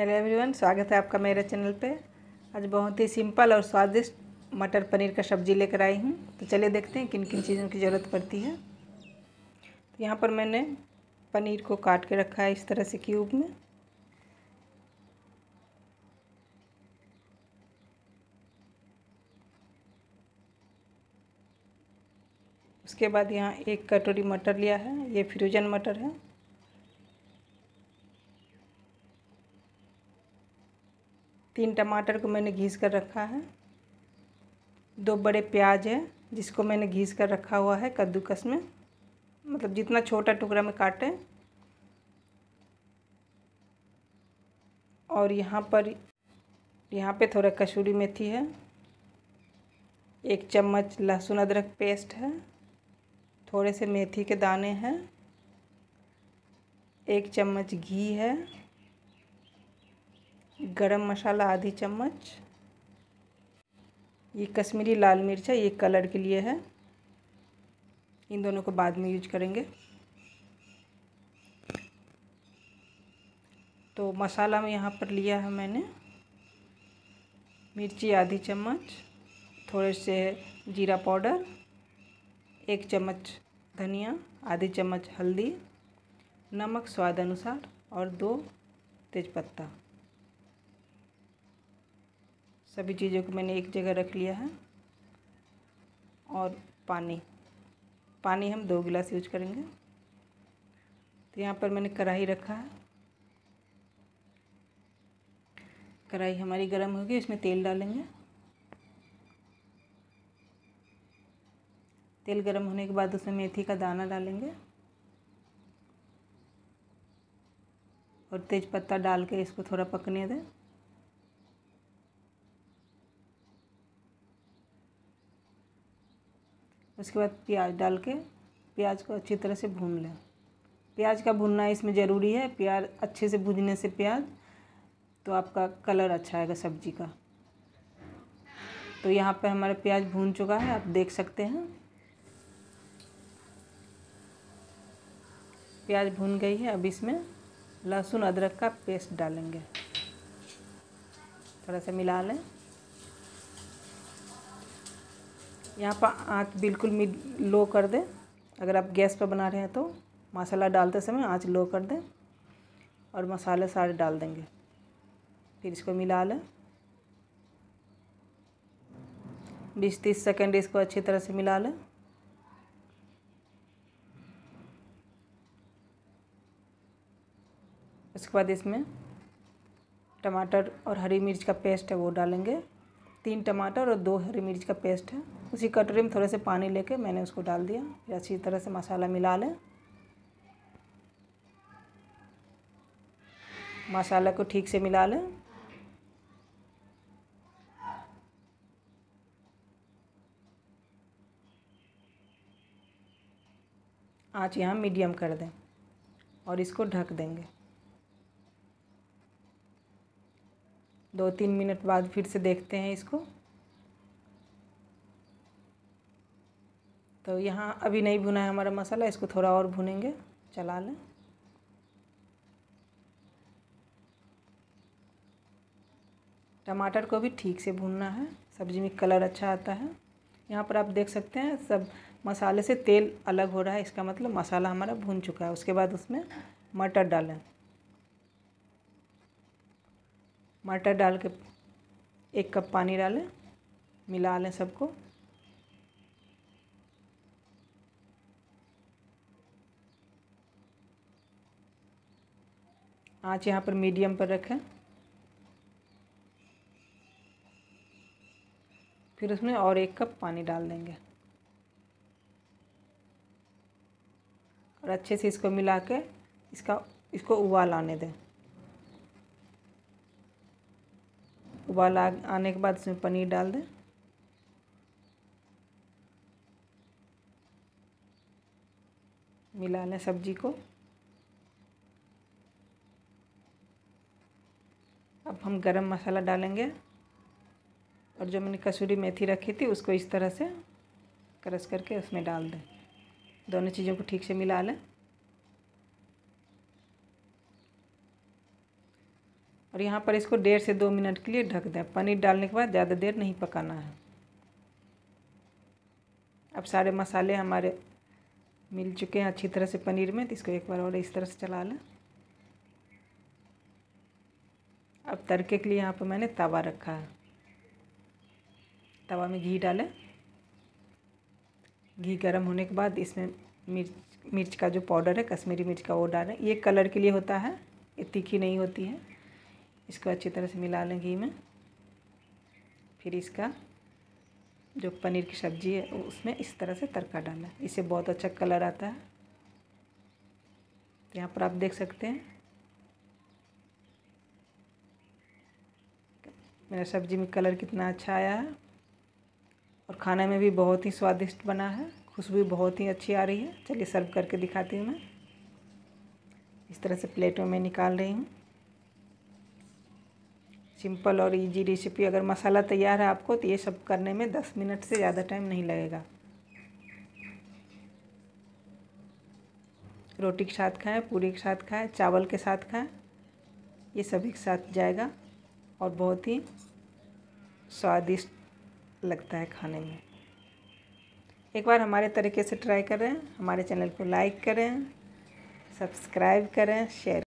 hello everyone स्वागत है आपका मेरे चैनल पे आज बहुत ही सिंपल और स्वादिष्ट मटर पनीर का सब्ज़ी लेकर आई हूँ तो चलिए देखते हैं किन किन चीज़ों की ज़रूरत पड़ती है तो यहाँ पर मैंने पनीर को काट के रखा है इस तरह से क्यूब में उसके बाद यहाँ एक कटोरी मटर लिया है ये फ्रोजन मटर है तीन टमाटर को मैंने घीस कर रखा है दो बड़े प्याज है जिसको मैंने घीस कर रखा हुआ है कद्दूकस में मतलब जितना छोटा टुकड़ा में काटें और यहाँ पर यहाँ पे थोड़ा कसूरी मेथी है एक चम्मच लहसुन अदरक पेस्ट है थोड़े से मेथी के दाने हैं एक चम्मच घी है गरम मसाला आधी चम्मच ये कश्मीरी लाल मिर्च है ये कलर के लिए है इन दोनों को बाद में यूज करेंगे तो मसाला में यहाँ पर लिया है मैंने मिर्ची आधी चम्मच थोड़े से जीरा पाउडर एक चम्मच धनिया आधी चम्मच हल्दी नमक स्वाद अनुसार और दो तेज़पत्ता सभी चीज़ों को मैंने एक जगह रख लिया है और पानी पानी हम दो गिलास यूज करेंगे तो यहाँ पर मैंने कढ़ाई रखा है कढ़ाई हमारी गर्म होगी इसमें तेल डालेंगे तेल गर्म होने के बाद उसमें मेथी का दाना डालेंगे और तेज़पत्ता डाल के इसको थोड़ा पकने दें उसके बाद प्याज डाल के प्याज को अच्छी तरह से भून लें प्याज का भुनना इसमें ज़रूरी है प्याज अच्छे से भूनने से प्याज तो आपका कलर अच्छा आएगा सब्जी का तो यहाँ पर हमारा प्याज भून चुका है आप देख सकते हैं प्याज भून गई है अब इसमें लहसुन अदरक का पेस्ट डालेंगे थोड़ा सा मिला लें यहाँ पर आँच बिल्कुल मिड लो कर दें अगर आप गैस पर बना रहे हैं तो मसाला डालते समय आँच लो कर दें और मसाले सारे डाल देंगे फिर इसको मिला लें बीस तीस सेकेंड इसको अच्छी तरह से मिला लें उसके बाद इसमें टमाटर और हरी मिर्च का पेस्ट है वो डालेंगे तीन टमाटर और दो हरी मिर्च का पेस्ट है उसी कटोरी में थोड़े से पानी लेके मैंने उसको डाल दिया फिर अच्छी तरह से मसाला मिला लें मसाला को ठीक से मिला लें आँच यहाँ मीडियम कर दें और इसको ढक देंगे दो तीन मिनट बाद फिर से देखते हैं इसको तो यहाँ अभी नहीं भुना है हमारा मसाला इसको थोड़ा और भुनेंगे चला लें टमाटर को भी ठीक से भूनना है सब्ज़ी में कलर अच्छा आता है यहाँ पर आप देख सकते हैं सब मसाले से तेल अलग हो रहा है इसका मतलब मसाला हमारा भून चुका है उसके बाद उसमें मटर डालें मटर डाल के एक कप पानी डालें मिला लें सबको आँच यहाँ पर मीडियम पर रखें फिर उसमें और एक कप पानी डाल देंगे और अच्छे से इसको मिला के इसका इसको उबाल आने दें उबाल आने के बाद इसमें पनीर डाल दें मिला लें सब्जी को अब हम गरम मसाला डालेंगे और जो मैंने कसूरी मेथी रखी थी उसको इस तरह से क्रश करके उसमें डाल दें दोनों चीज़ों को ठीक से मिला लें और यहाँ पर इसको डेढ़ से दो मिनट के लिए ढक दें पनीर डालने के बाद ज़्यादा देर नहीं पकाना है अब सारे मसाले हमारे मिल चुके हैं अच्छी तरह से पनीर में तो इसको एक बार और इस तरह से चला लें अब तड़के के लिए यहाँ पर मैंने तवा रखा है तवा में घी डालें घी गर्म होने के बाद इसमें मिर्च मिर्च का जो पाउडर है कश्मीरी मिर्च का वो डालें ये कलर के लिए होता है ये तीखी नहीं होती है इसको अच्छी तरह से मिला लें घी में फिर इसका जो पनीर की सब्ज़ी है उसमें इस तरह से तड़का डालें इससे बहुत अच्छा कलर आता है तो यहाँ पर आप देख सकते हैं मेरा सब्ज़ी में कलर कितना अच्छा आया है और खाने में भी बहुत ही स्वादिष्ट बना है खुशबू बहुत ही अच्छी आ रही है चलिए सर्व करके दिखाती हूँ मैं इस तरह से प्लेट में मैं निकाल रही हूँ सिंपल और इजी रेसिपी अगर मसाला तैयार है आपको तो ये सब करने में दस मिनट से ज़्यादा टाइम नहीं लगेगा रोटी के साथ खाएं पूरी के साथ खाएं चावल के साथ खाएं ये सभी के साथ जाएगा और बहुत ही स्वादिष्ट लगता है खाने में एक बार हमारे तरीके से ट्राई करें हमारे चैनल को लाइक करें सब्सक्राइब करें शेयर